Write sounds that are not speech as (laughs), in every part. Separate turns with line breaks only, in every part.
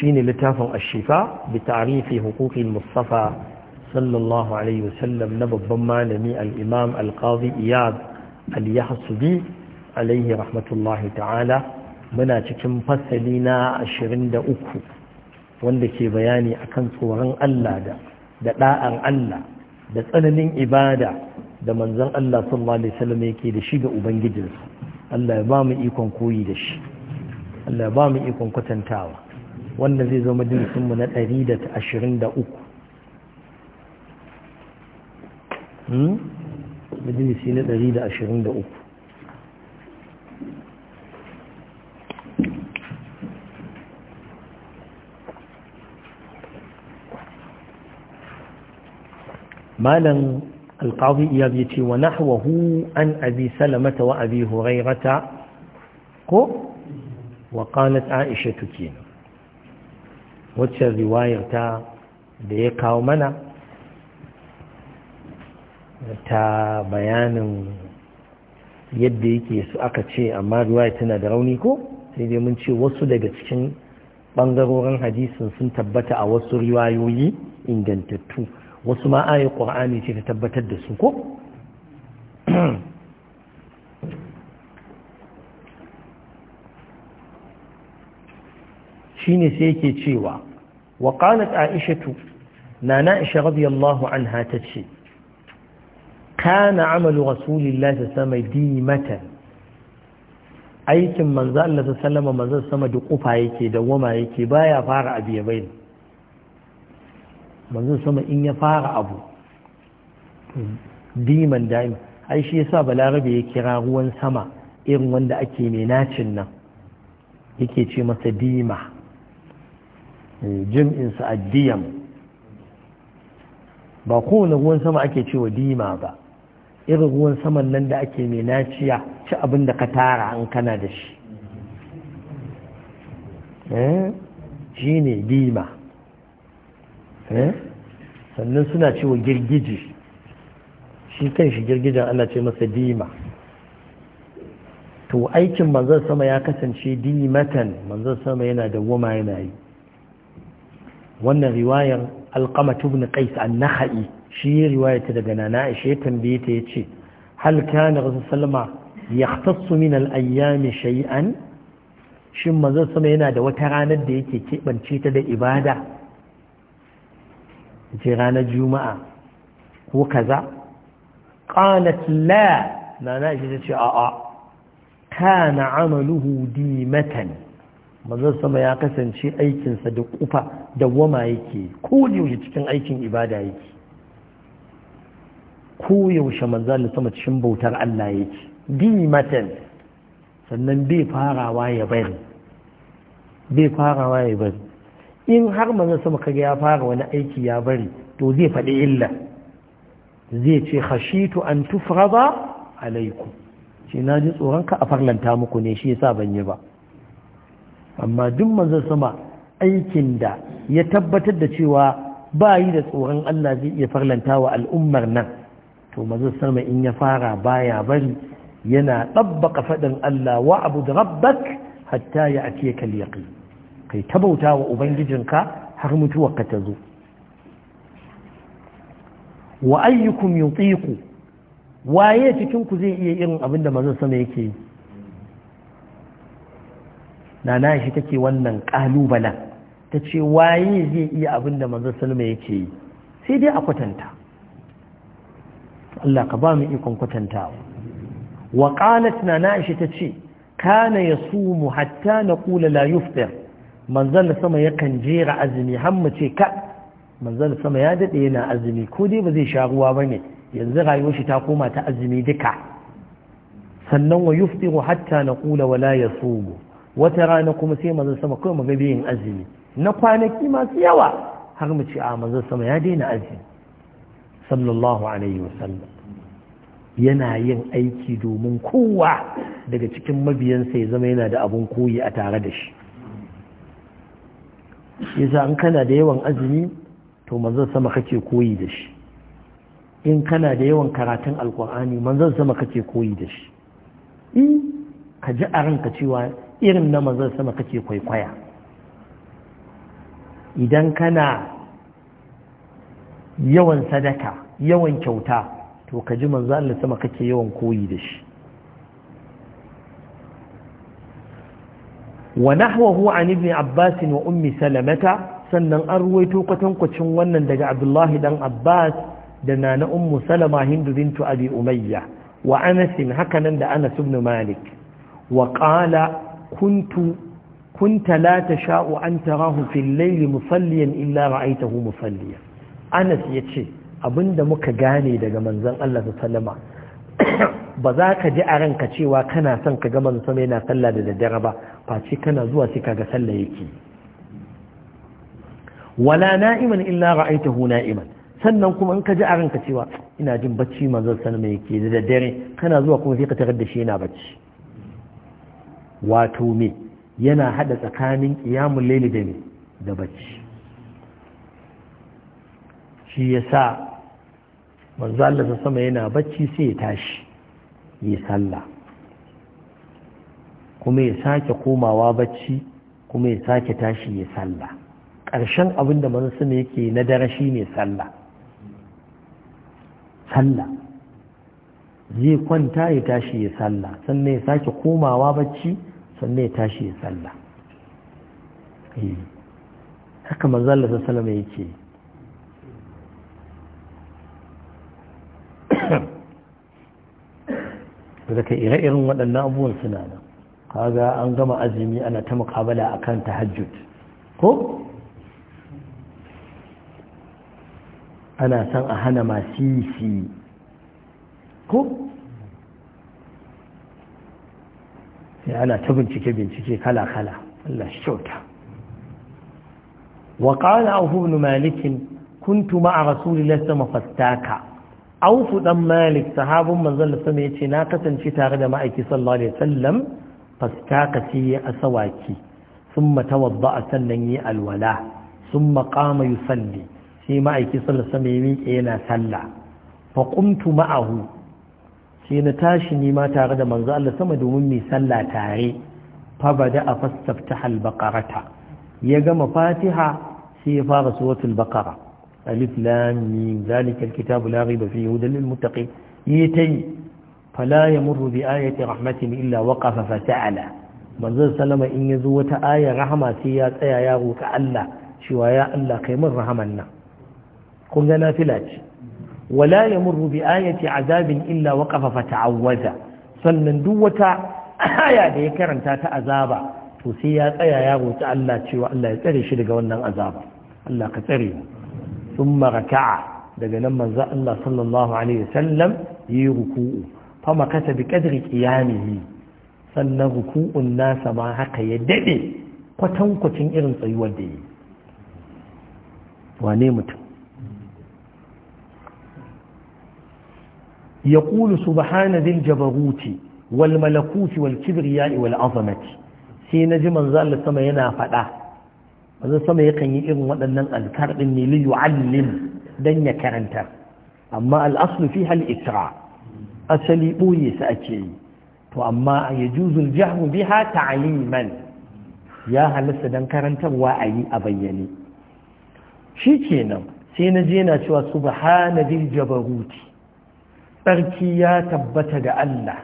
shine littafin ashifa bai ta'rifi huquqil mustafa sallallahu alaihi wasallam na babban malami Al'imam imam al-qadi iyad al-yahsubi alaihi rahmatullahi ta'ala muna cikin fasali na ashirin 23 wanda ke bayani akan tsoron Allah da da Allah da tsananin ibada da manzon Allah sallallahu alaihi wasallam yake da shi ga ubangijinsa Allah ya ba mu ikon koyi da shi Allah ya ba mu ikon kwatantawa wanda zai zo majalisunmu na 123 majalisi na 123 مالا القاضي إياب يتي ونحوه عن أبي سلمة وأبي هريرة قو وقالت عائشة كين waccan riwayar ta da ya kawo mana ta bayanin yadda yake su aka ce amma riwayar tana da rauni ko sai dai mun ce wasu daga cikin ɓangarorin hadisin sun tabbata a wasu riwayoyi ingantattu wasu ma ayi ƙwar'ani ce ta tabbatar da su ko Shi ne sai yake cewa wa qalat aishatu nana aisha radiyallahu anha tace kana amalu rasulillahi sama dimatan aikin manzo Allah ta sallama manzo sama da kufa yake da wama yake baya fara abu ya bayyana manzo sama in ya fara abu diman da'im ai shi yasa balarabe ya kira ruwan sama irin wanda ake mai nacin nan yake ce masa dima Eh, jin'insa addiyam ba kowane ruwan sama ake cewa dima ba irin ruwan saman nan da ake mai naciya ci abin da ka tara an kana da shi eh, shi ne dima eh, sannan suna cewa girgiji shi kan shi girgijan ana ce masa dima to aikin manzan sama ya kasance dimatan manzan sama yana da goma yana yi wannan riwayar alqamatu ibn qais an-nakhai shi riwaya ta daga nana aisha ya tambaye ta yace hal kana rasul sallama yahtassu min al shay'an shin mazan sama yana da wata ranar da yake keɓance ta da ibada ce ranar juma'a ko kaza qalat la nana aisha ta ce a'a kana amaluhu dimatan Mazan sama ya kasance aikinsa da kufa da wama yake ko yaushe cikin aikin ibada yake ko yaushe da sama cikin bautar Allah yake bi matan sannan bai farawa ya bari bai farawa ya bari in har mazan sama kaga ya fara wani aiki ya bari to zai faɗi illa zai ce khashitu an tufraba alaikum shi na ji tsoron ka a farlanta muku ne shi yasa ban yi ba amma duk manzo sama aikin da ya tabbatar da cewa ba yi da tsoron Allah zai iya farlanta wa al'ummar nan to manzo sama in ya fara baya bari yana ɗabbaka faɗin Allah wa abu da rabbak hatta ya ake yaqin kai ta bauta wa ubangijinka har mutuwar ka tazo. wa ayyukum yutiqu waye cikin ku zai iya irin abin da sama yake yi nana shi take wannan ƙalubalen ta ce waye zai iya abin da manzon salma yake yi sai dai a kwatanta Allah ka ba mu ikon kwatanta wa na nana shi ta ce kana yasumu hatta naqula la yufṭir manzon sama yakan jera azumi har ce ka manzon sama ya dade yana azumi ko dai ba zai sha ruwa ba ne yanzu rayuwar shi ta koma ta azumi duka sannan wa yufṭiru hatta naqula wala mu. wata rana kuma sai manzon sama kawai mu gabe yin azumi na kwanaki masu yawa har mu ce a manzon sama ya daina azumi sallallahu alaihi wasallam yana yin aiki domin kowa daga cikin mabiyansa ya zama yana da abun koyi a tare da shi yasa in kana da yawan azumi to manzon sama kake koyi da shi in kana da yawan karatun alkur'ani manzon sama kake koyi da shi in eh, ka ji a ranka cewa irin na manzon sama kake kwaikwaya idan kana yawan sadaka yawan kyauta to ka ji manzo Allah sama kake yawan koyi da shi wa nahwahu an ibn Abbas wa ummi Salamata sannan an ruwaito kwatankwacin wannan daga Abdullahi dan Abbas da nana ummu Salama Hindu bintu Abi Umayya wa Anas hakanan da Anas ibn Malik wa qala kuntu kunta la tasha'u an tarahu fil layli musalliyan illa ra'aytahu musalliya Anas yace abinda muka gane daga manzon Allah sallama (coughs) ba za ka ji a ranka cewa kana son ka gama manzon sama yana sallah da daddare ba face kana zuwa sai ga sallah yake wala na'iman illa ra'aytahu na'iman sannan kuma in ka ji a ranka cewa ina jin bacci manzon sallama yake da daddare kana zuwa kuma sai ka tarar da shi yana bacci wato me yana hada tsakanin ƙiyamun laili da me da bacci shi ya sa manzo Allah ta sama yana bacci sai ya tashi yi sallah kuma ya sake komawa bacci kuma ya sake tashi ya sallah ƙarshen abin da manzo sama yake na dare shi ne sallah sallah zai kwanta ya tashi ya sallah sannan ya sake komawa bacci sannan ya tashi ya tsalla eh, haka da ta salama yake (coughs) daga ire-iren waɗannan abubuwan suna nan kaga an gama azumi ana ta mukabala a kan tahajjud ko ana san a hana masu yi ko sai ana ta bincike bincike kala kala Allah shi kyauta wa qala abu ibn malik kuntu ma'a rasulillahi sallallahu alaihi aufu ɗan malik sahabin manzon da sama yace na kasance tare da ma'aiki sallallahu alaihi wasallam fastaka ci ya asawaki thumma a sannan yi alwala maƙama yi salli, sai ma'aiki sallallahu alaihi wasallam ya miƙe yana sallah fa qumtu ma'ahu sai na tashi nima tare da manzo Allah sama domin mai sallah tare fabada a fassafta al-baqarata ya gama fatiha sai ya fara suratul bakara alif lam mim zalika al la ghaiba fihi hudan lil muttaqin yitai fala yamurru bi ayati rahmatin illa waqafa fa ta'ala manzo sallama in yazo wata ayar rahama sai ya tsaya ya roka Allah cewa ya Allah kai min rahaman nan kun ga nafila ce wala yamurru bi ayati azabin illa waqafa sannan duk wata aya da ya karanta ta azaba to sai ya tsaya ya roki Allah cewa Allah ya tsare shi daga wannan azaba Allah ka tsare mu thumma raka'a daga nan manzo Allah sallallahu alaihi wasallam yi ruku'u fama kasa bi qadri qiyamihi sannan ruku'un nasa ma haka ya dade kwatankwacin irin tsayuwar da yi wane mutum Ya يقول سبحان ذي الجبروت والملكوت والكبرياء والعظمة sai na ji manzo Allah sama yana faɗa manzo sama yakan yi irin waɗannan azkar din ne li yu'allim dan ya karantar. amma al-aslu fiha al asali boye sa ake yi to amma a yajuzu al-jahru biha ta'liman ya halasta dan karantarwa a yi a bayyane Shi kenan, sai na je yana cewa subhana dil jabaruti tsarki ya tabbata ga Allah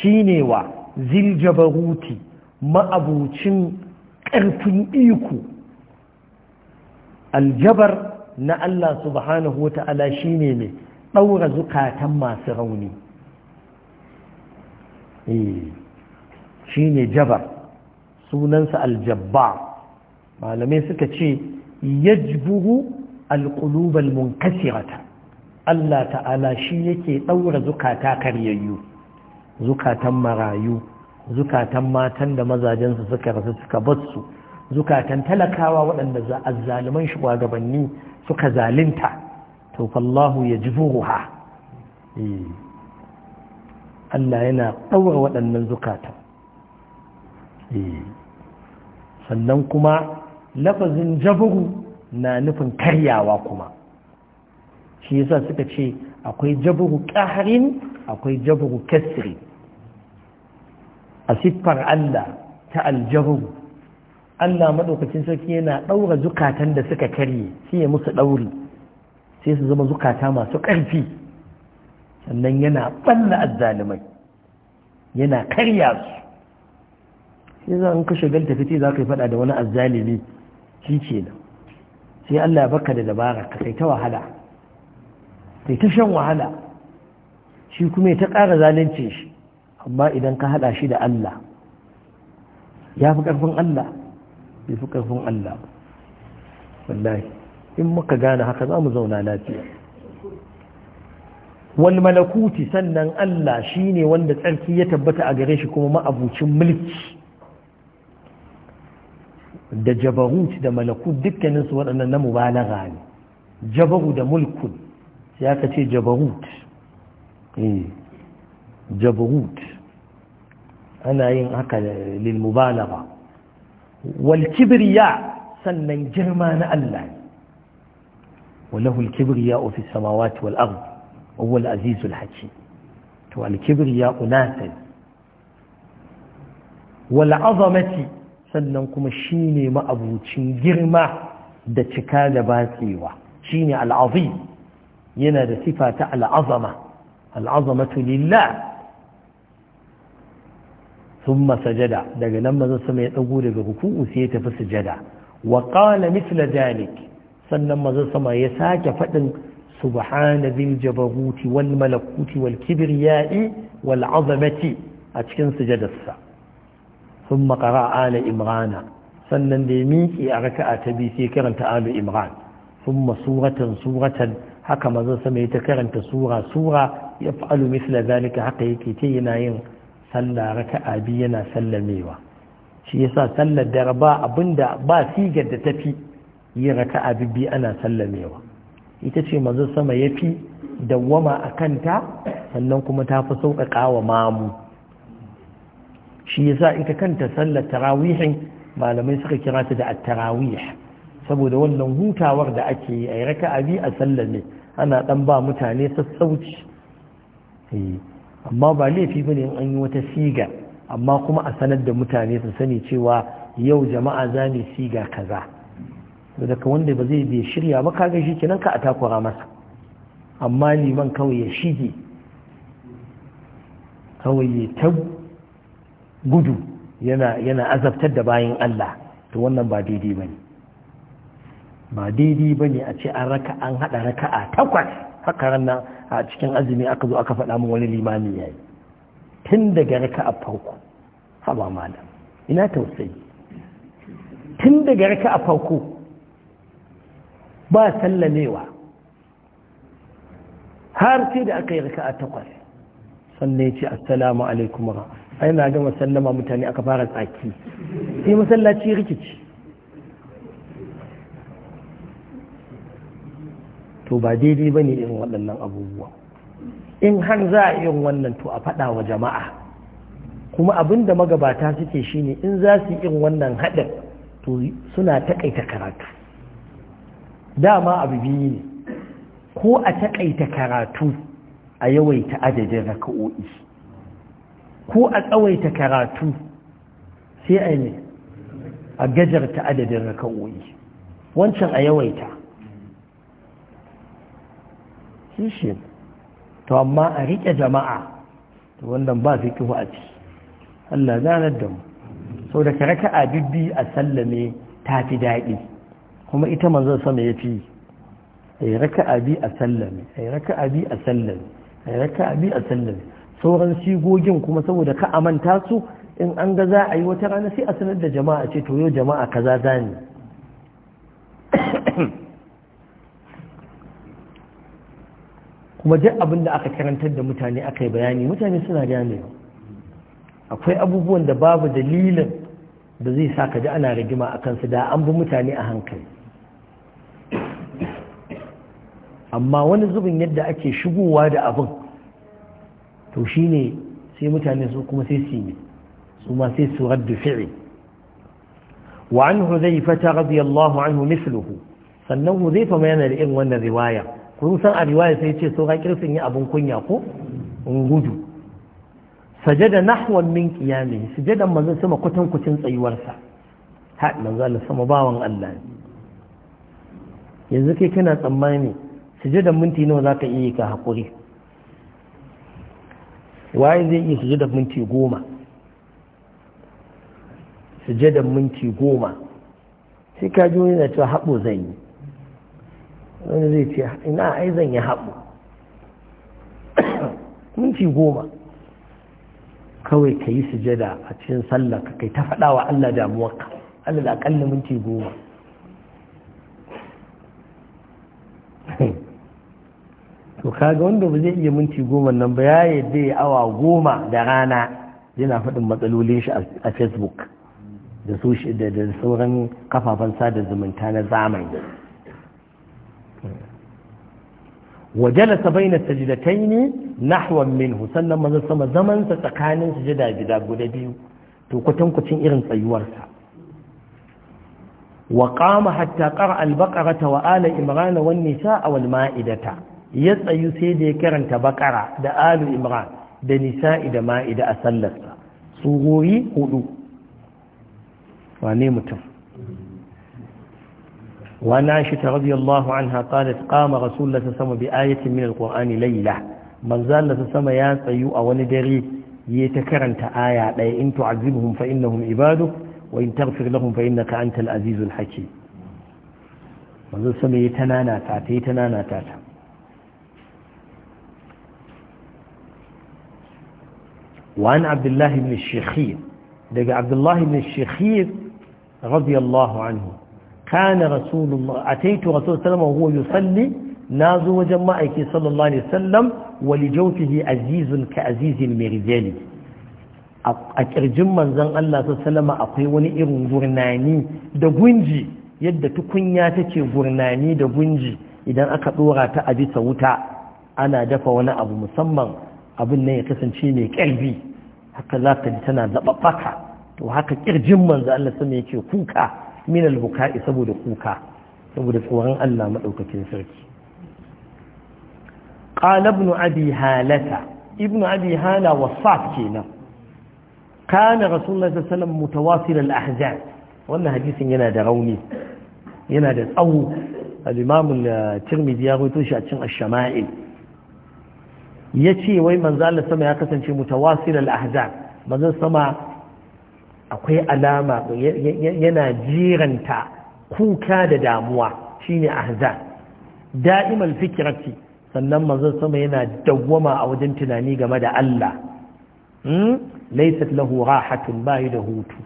shine wa ziljabaruti ma'abucin ƙarfin iko aljabar na Allah subhanahu wa ta'ala shine mai ɗaura zukatan masu rauni eh, shi ne jabar sunansa aljabba malamai suka ce yajburu alƙulubal munkasirata Allah ta'ala shi yake ɗaura zukata karyayyu zukatan marayu zukatan matan da mazajensu suka rasu suka batsu zukatan talakawa waɗanda azzaluman shugabanni suka zalinta to fallahu ya ji ha eh. Allah yana ɗaura waɗannan zukatan eh. sannan kuma lafazin jaburu na nufin karyawa kuma shi yasa suka ce akwai jabru ƙaharin akwai jabru kasri a siffar Allah ta aljabru Allah maɗaukacin sarki yana ɗaura zukatan da suka karye sai ya musu ɗauri sai su zama zukata masu ƙarfi sannan yana ɓalla azzalumai yana karya su sai zan ka shagalta fice za ka yi faɗa da wani azzalimi shi ce sai Allah ya baka da dabara ka kai ta wahala sai ta shan wahala shi kuma ta ƙara zalunci shi amma idan ka haɗa shi da Allah ya fi ƙarfin Allah ya fi ƙarfin Allah wallahi in muka gane haka za mu zauna lafiya wal malakuti sannan Allah shine wanda tsarki ya tabbata a gare shi kuma ma'abucin mulki da jabarut da malakut dukkaninsu waɗannan na mubalaga ne jabaru da mulkun يا aka جبروت جبروت أنا ana yin haka lil mubalagha wal kibriya وله الكبرياء في السماوات والأرض وهو العزيز الحكيم والكبرياء الكبرياء ناسل والعظمة سننكم الشيني ما أبوتشين جرمة دا تكاد باتيوة شيني العظيم yana da sifa ta al'azama al'azamatu lillah ثم سجد daga nan manzon sama ya dago daga ruku'u sai ya tafi sujada wa misla mithla dhalik sannan manzon sama ya sake fadin subhana dhil jabaruti wal malakuti wal kibriya'i wal azamati a cikin sujadarsa thumma qara'a ala imrana sannan da ya miƙe a raka'a ta biyu sai karanta ala imran thumma suratan suratan haka mazan sama ya ta karanta sura sura ya fa'alu misla zalika haka yake ce yana yin sallah raka'a biyu yana sallamewa shi sa sallar dare ba da ba sigar da tafi yi raka'a biyu ana sallamewa ita ce mazan sama ya fi dawwama a kanta sannan kuma ta fi sauƙaƙa wa mamu shi yasa ita kanta sallar tarawihin malamai suka kira ta da at-tarawih saboda wannan hutawar da ake yi a yi raka abi a sallar ne, ana dan ba mutane sassauci eh, amma ba laifi ba ne an yi wata siga amma kuma a sanar da mutane su sani cewa yau jama'a za mu siga kaza daga wanda ba zai bai shirya ba kaga shi kenan ka a takura masa amma liman kawai ya shige kawai ya ta gudu yana azabtar da bayan Allah to wannan ba daidai ba ne ba daidai ba ne a ce an raka an haɗa raka a takwas hakaran na a cikin azumi aka zo aka faɗa min wani limami ya yi tun daga raka a farko haba malam ina tausayi tun daga raka a farko ba sallamewa har sai da aka yi raka a takwas sannan ya ce assalamu alaikum ra ai na gama sallama mutane aka fara tsaki sai masallaci rikici to ba daidai ba ne irin waɗannan abubuwa in har za a irin wannan to a faɗa wa jama'a kuma abin da magabata suke shine in za su irin wannan haɗin to suna taƙaita karatu dama abu biyu ne ko a taƙaita karatu a yawaita adadin raka'o'i ko a tsawaita karatu sai a yi a gajarta adadin raka'o'i wancan a yawaita shi to amma a riƙe jama'a to wannan ba fikihu a ciki Allah zanar da mu sau da karaka a bibbi a sallame ta fi daɗi kuma ita manzon sama ya fi yi raka bi a sallame yi raka bi a sallame yi raka bi a sallame sauran sigogin kuma saboda ka amanta su in an ga za a yi wata rana sai a sanar da jama'a ce to yau jama'a kaza za ne kuma duk abin da aka karantar da mutane aka yi bayani mutane suna ganewa akwai abubuwan da babu dalilin da zai sa ka ji ana rigima a kansu da an bi mutane a hankali amma wani zubin yadda ake shigowa da abin to shine sai mutane su kuma sai su yi su ma sai su raddu fi'i wa an huzaifa Allahu radiyallahu anhu misluhu sannan huzaifa ma yana da irin wannan riwaya kun san a riwaya sai ce so haƙir sun yi abin kunya ko in gudu sajada nahwan min qiyami sujadan manzon sama kutan kucin tsayuwarsa ha manzo Allah sama bawan Allah yanzu kai kana tsammani sujadan minti nawa zaka iya ka hakuri waye zai iya sujadan minti goma sujadan minti goma sai ka ji wani cewa haɓo zan yi wani zai ce ina a zan yi haɓu minti goma kawai ka yi sujada a cikin sallah ka kai ta faɗa wa Allah damuwarka Allah da aƙalla minti goma to kaga wanda ba zai iya minti goma nan ba ya yadda ya awa goma da rana yana faɗin matsalolin shi a facebook da sauran kafafen sada zumunta na zamani وجلس بين السجدتين نحو منه sannan manzo sama zaman sa tsakanin sujada gida guda biyu to kutan kutin irin tsayuwar sa wa qama hatta qara al-baqara wa ala imran wa an-nisaa wal ma'idata ya tsayu sai da ya karanta baqara da alu imran da nisaa da ma'ida a sallar sa huɗu. hudu wane mutum وعن عائشة رضي الله عنها قالت قام رسول الله صلى الله عليه وسلم بآية من القرآن ليلة من زال الله صلى الله عليه وسلم يا وندري يتكرنت آية لا إن تعذبهم فإنهم عبادك وإن تغفر لهم فإنك أنت العزيز الحكيم من زال سمي تنانا تاتا يتنانا تاتا وعن عبد الله بن الشخير دقى عبد الله بن الشخير رضي الله عنه kana rasulullah ataitu rasul sallallahu alaihi wasallam huwa yusalli nazo wajen ma'aiki sallallahu alaihi wasallam wa li jawfihi azizun ka azizil mirjali a ƙirjin manzon Allah sallallahu akwai wani irin gurnani da gunji yadda tukunya take gurnani da gunji idan aka dora ta a bisa wuta ana dafa wani abu musamman abin nan ya kasance mai ƙarfi haka za ka ji tana zaɓaɓɓaka to haka ƙirjin manzo Allah sama yake kuka min al-buka'i saboda kuka saboda tsoron Allah madaukakin sarki qala ibn abi halata ibn abi hala wasaf kenan kana rasulullahi sallallahu alaihi wasallam mutawasil wannan hadisin yana da rauni yana da tsawo al-imam al-tirmidhi ya rawaito shi a cikin ash-shama'il yace wai manzo Allah sama ya kasance mutawasil al-ahzan manzo sama akwai alama yana jiranta kuka da damuwa shine ahza da'imal fikirati, sannan manzon sama yana dawwama a wajen tunani game da Allah hmm? laysat lahu rahatun bai da hutu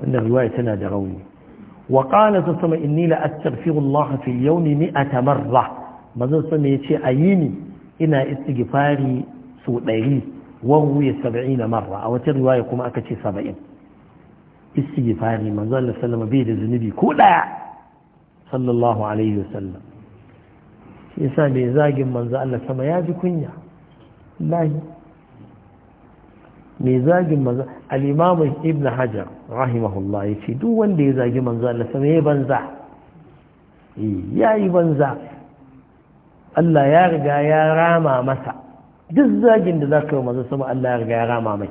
wannan riwaya tana da rauni wa qala sama inni la astaghfirullah fi yawmi mi'ata marra manzon sama yace ayini ina istighfari so ɗari وروي سبعين مرة أو ترواية كما أكتشي سبعين استغفاري من ظل السلام بيد الزنبي كولا صلى الله عليه وسلم يسا ميزاج من ظل السلام ياجي كنيا لا ميزاج من ظل الإمام ابن حجر رحمه الله يشي دو وان ديزاج من ظل السلام يبنزع يا يبنزع Allah ya riga ya rama masa duk zagin da zaka yi manzo sama Allah ya riga ya rama mai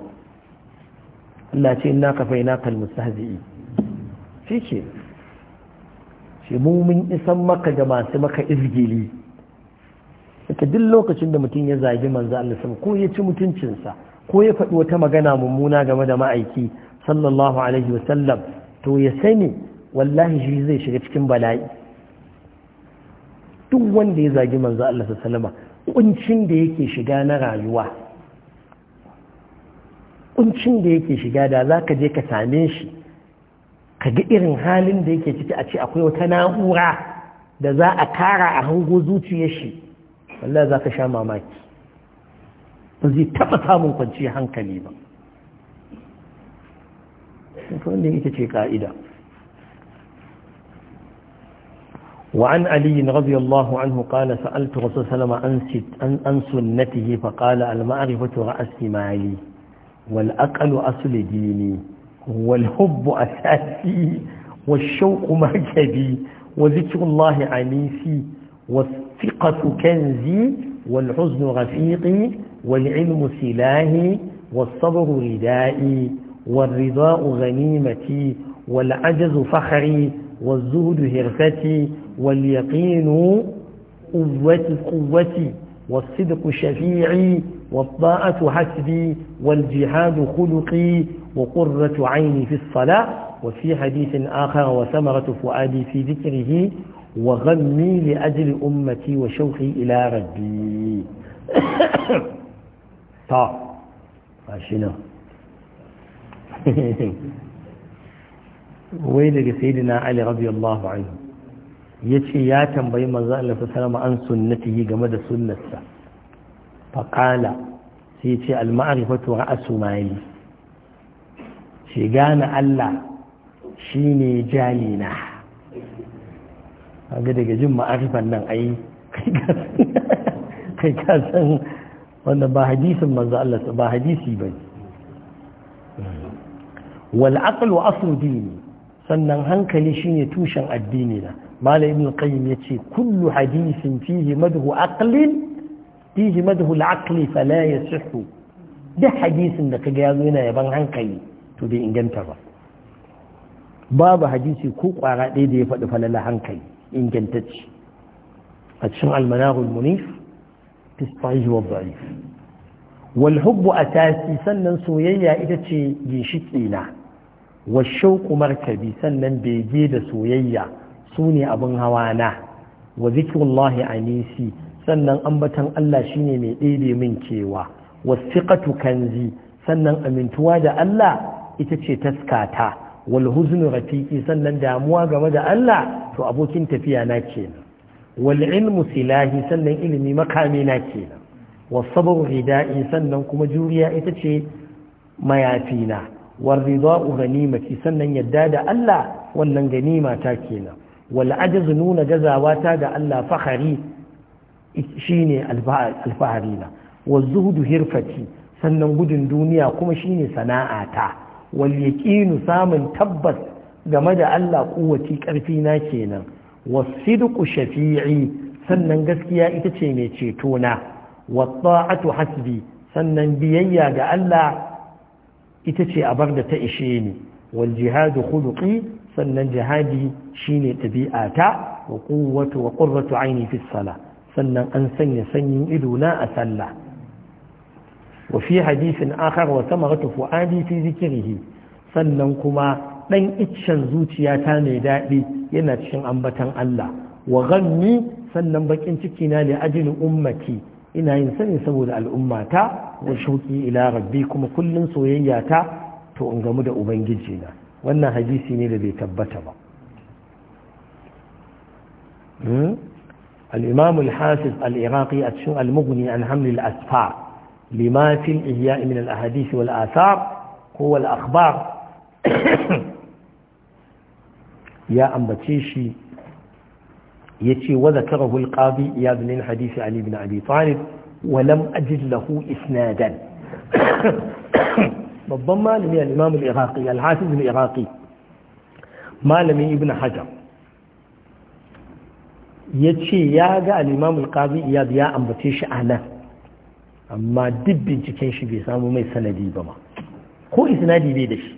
Allah ce inna kafainaka almustahzi'i shi ke shi mu mun isan maka da masu maka izgili saka duk lokacin da mutum ya zagi manzo Allah sama ko ya ci mutuncinsa ko ya faɗi wata magana mummuna game da ma'aiki sallallahu alaihi wa sallam, to ya sani wallahi shi zai shiga cikin bala'i duk wanda ya zagi manzo Allah sallama Ƙuncin da yake shiga na rayuwa ƙuncin da yake shiga da za ka je ka same shi ka ga irin halin da yake ciki a ce akwai wata na'ura da za a kara a hango zuciyar shi wallah za ka sha mamaki ba zai taɓa samun kwanciyar hankali ba wanda ita ce ka'ida وعن علي رضي الله عنه قال سألت رسول وسلم عن سنته فقال المعرفة رأس مالي والأقل أصل ديني والحب أساسي والشوق مركبي وذكر الله عنيفي والثقة كنزي والحزن رفيقي والعلم سلاهي والصبر ردائي والرضاء غنيمتي والعجز فخري والزهد هرفتي واليقين قوتي قوتي والصدق شفيعي والطاعة حسبي والجهاد خلقي وقرة عيني في الصلاة وفي حديث آخر وثمرة فؤادي في ذكره وغمي لأجل أمتي وشوقي إلى ربي (coughs) طا عشنا (laughs) ويلك سيدنا علي رضي الله عنه ya ce ya tambayi manzo Allah sallama an sunnatihi game da sunnarsa faƙala sai ya ce al-ma'rifatu ra'su mali shi gane Allah shine jalina kaga daga jin ma'arifan nan ai kai ka san wannan ba hadisin manzo Allah ba hadisi ba wal aqlu aslu dini sannan hankali shine tushen addini na malam ibn ya ce kullu hadisin fihi madhu aqlin fihi madhu al-aql fala yasihhu duk hadisin da kaga yazo yana yaban hankali to bai inganta ba babu hadisi ko kwara ɗaya da ya faɗi falala hankali ingantacce a cikin almanahul munif fi sahih wa da'if wal hubbu asasi sannan soyayya ita ce ginshiki na wa markabi sannan bege da soyayya su ne abin hawa na wa zikrullahi anisi sannan ambatan Allah shine mai ɗebe min cewa wasiqatu kanzi sannan amintuwa da Allah ita ce taskata wal huznu rafiki sannan damuwa game da Allah to abokin tafiya na kenan wal ilmu silahi sannan ilimi makami na kenan was sabru rida'i sannan kuma juriya ita ce mayafina war rida'u ganimati sannan yadda da Allah wannan ganima ta kenan wal nuna gazawa ta ga Allah fahari shine alfahari na wal zuhudu hirfati sannan gudun duniya kuma shine ta. wal yaqinu samun tabbas game da Allah kuwaci karfi na kenan was sidqu shafi'i sannan gaskiya ita ce mai ceto na was ta'atu hasbi sannan biyayya ga Allah ita ce abar da ta ishe ni wal jihadu khuluqi sannan jihadi shine ɗabi'a ta wa quwwatu wa qurratu aini fi sala sannan an sanya sanyin ido na a sallah wa fi hadisin akhar wa samaratu fuadi fi zikrihi sannan kuma dan iccen zuciyata mai daɗi yana cikin ambatan Allah wa ghammi sannan bakin ciki na li ajli ummati ina yin sani saboda al'ummata wa shauki ila rabbi kuma kullun soyayya ta to in gamu da ubangiji na wannan hadisi ne da bai tabbata ba الإمام الحافظ العراقي أتشن المغني عن حمل الأسفار لما في الإحياء من الأحاديث والآثار هو الأخبار يا أم بتشيشي يتي وذكره القاضي يا بن الحديث علي بن أبي طالب ولم أجد له إسنادا babban malami al-imam al-iraqi al iraqi malamin ibn hajar ya ce ya ga al-imam al-qazi iyad ya ambace shi a nan amma duk binciken shi bai samu mai sanadi ba ma ko isnadi bai da shi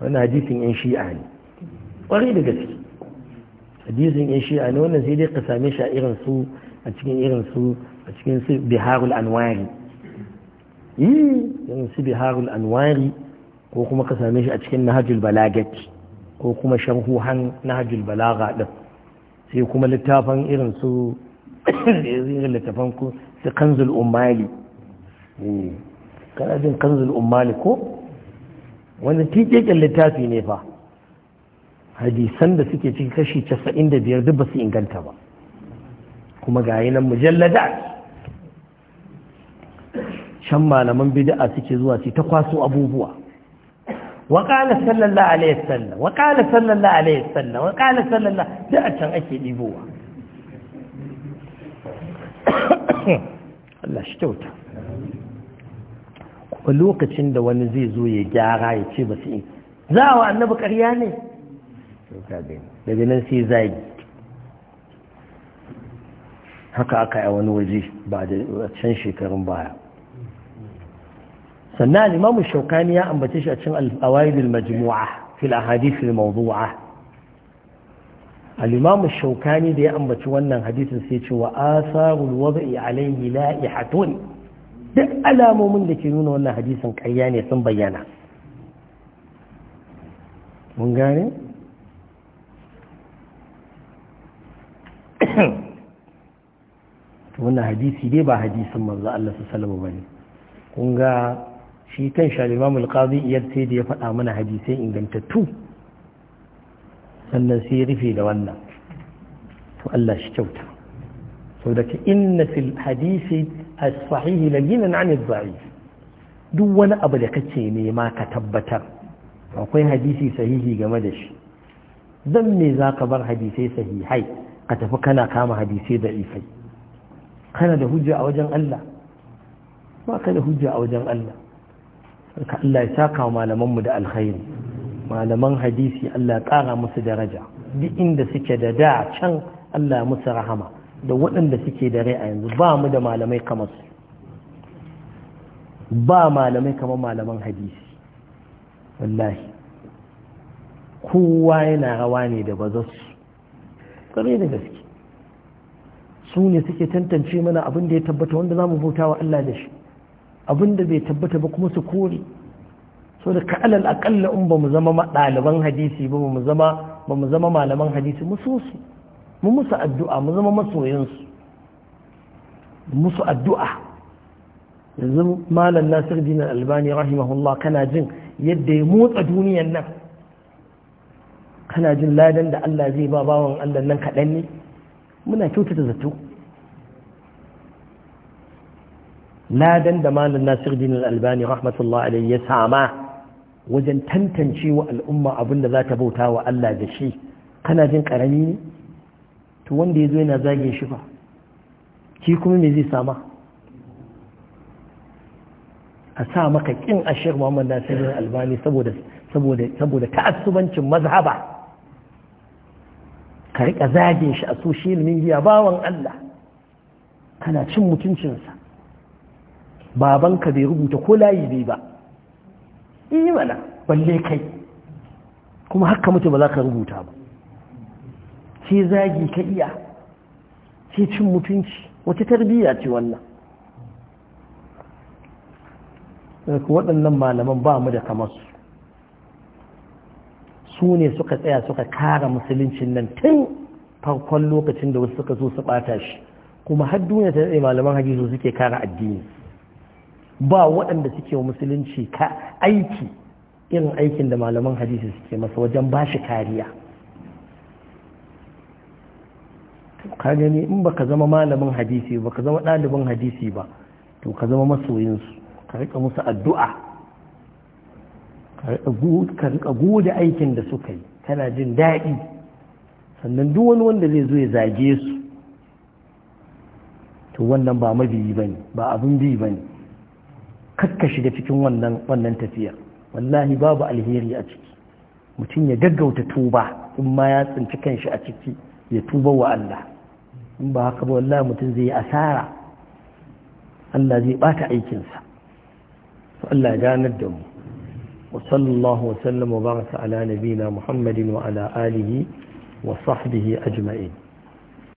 wani hadisin yan shi'a ne kwarai da gaske hadisin yan shi'a ne wannan sai dai ka same shi a irin su a cikin irin su a cikin su biharul anwari yi irin su biharul anwari ko kuma ka same shi a cikin nahajul balagat ko kuma sharhuhan nahajul balaga din sai kuma littafan irin su irin littafan ku su kanzul umali eh, kana jin kanzul umali ko wanda tikekin littafi ne fa hadisan da suke cikin kashi 95 duk ba su inganta ba kuma ga nan mujalladat can malaman bid'a suke zuwa su ta kwaso abubuwa wa qala sallallahu alaihi wasallam wa qala sallallahu alaihi wasallam wa qala sallallahu da a can ake dibowa (coughs) Allah shi kyauta kuma lokacin da wani zai zo ya gyara ya ce ba su yi za a wa annabi ƙarya ne daga nan sai zagi haka aka yi wani waje ba da can shekarun baya sannan al shaukani ya ambace shi a cin al majmua fil al-ahadith al-mawdu'a al shaukani da ya ambaci wannan hadisin sai ce wa asarul wada'i alayhi la'ihatun duk alamomin da ke nuna wannan hadisin karya ne sun bayyana mun gane (coughs) wannan hadisi dai ba hadisin manzo Allah sallallahu alaihi wasallam bane kun ga shi kan Shalimamu alqazi iyad sai da ya faɗa mana hadisai ingantattu sannan sai ya rufe da wannan to Allah shi kyauta saboda inna fil hadisi as-sahih laginan an az-za'if duk wani abu da kace ma ka tabbatar akwai hadisi sahihi game da shi zan me zaka bar hadisai sahihai ka tafi kana kama hadisai da ifai kana da hujja a wajen Allah ba ka da hujja a wajen Allah ka Allah ya saka malamanmu da alkhairi malaman hadisi Allah ya ƙara musu daraja duk inda suke da da can Allah ya musu rahama da waɗanda suke da rai a yanzu ba mu da malamai kamar su ba malamai kamar malaman hadisi wallahi kowa yana rawa ne da bazarsu ƙare da gaske su ne suke tantance mana abin da ya tabbata wanda za mu bauta wa Allah da shi abinda bai tabbata ba kuma su kore so da ka alal aƙalla in ba mu zama ɗaliban hadisi ba mu zama ba mu zama malaman hadisi mu so su mu musu addu'a mu zama masoyansu musu addu'a yanzu malam nasir dinar albani rahimahullah kana jin yadda ya motsa duniyan nan kana jin ladan da allah zai ba bawan allah nan kaɗan ne muna kyautata zato ladan da malam nasir din albani rahmatullah alaihi ya sama wajen tantance wa al'umma abin da za ta bauta wa Allah da shi kana jin karami ne to wanda ya zo yana zage shi ba ki kuma me zai sama a sa maka kin ashir muhammad nasir din albani saboda saboda saboda ta'assubancin mazhaba ka rika zage shi a social midiya bawan Allah kana cin mutuncinsa babanka bai rubuta ko layi bai ba yi eh mana balle kai kuma haka mutu ba za ka rubuta ba ce zagi ka iya ce cin mutunci wata tarbiyya ce wannan waɗannan malaman ba mu da kamar su ne suka tsaya suka kara musuluncin nan tun farkon lokacin da wasu suka zo su ɓata shi kuma har duniya ta tsaye malaman hadisu suke kara addini ba waɗanda suke musulunci ka aiki irin aikin da malaman hadisi suke masa wajen ba shi kariya ka gani in ba ka zama malamin hadisi ba ka zama ɗalibin hadisi ba to ka zama masoyinsu ka rika musu addu'a ka rika gode aikin da suka yi kana jin daɗi sannan duk wani wanda zai zo ya zage su to wannan ba mabiyi ba ne ba abin bi ba ne ka shiga cikin wannan wannan tafiyar wallahi babu alheri a ciki mutum ya gaggauta tuba in ma ya tsinci kanshi a ciki ya tuba wa Allah in ba haka ba wallahi mutum zai yi asara Allah zai bata aikinsa Allah ya ganar da mu wa الله وسلم وبارك Muhammadin wa ala Alihi wa وصحبه أجمعين